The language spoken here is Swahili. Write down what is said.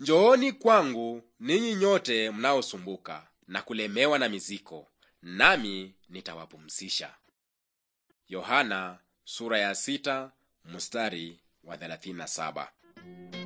Njooni kwangu ninyi nyote mnaosumbuka na kulemewa na miziko, nami nitawapumzisha. Yohana sura ya sita mstari wa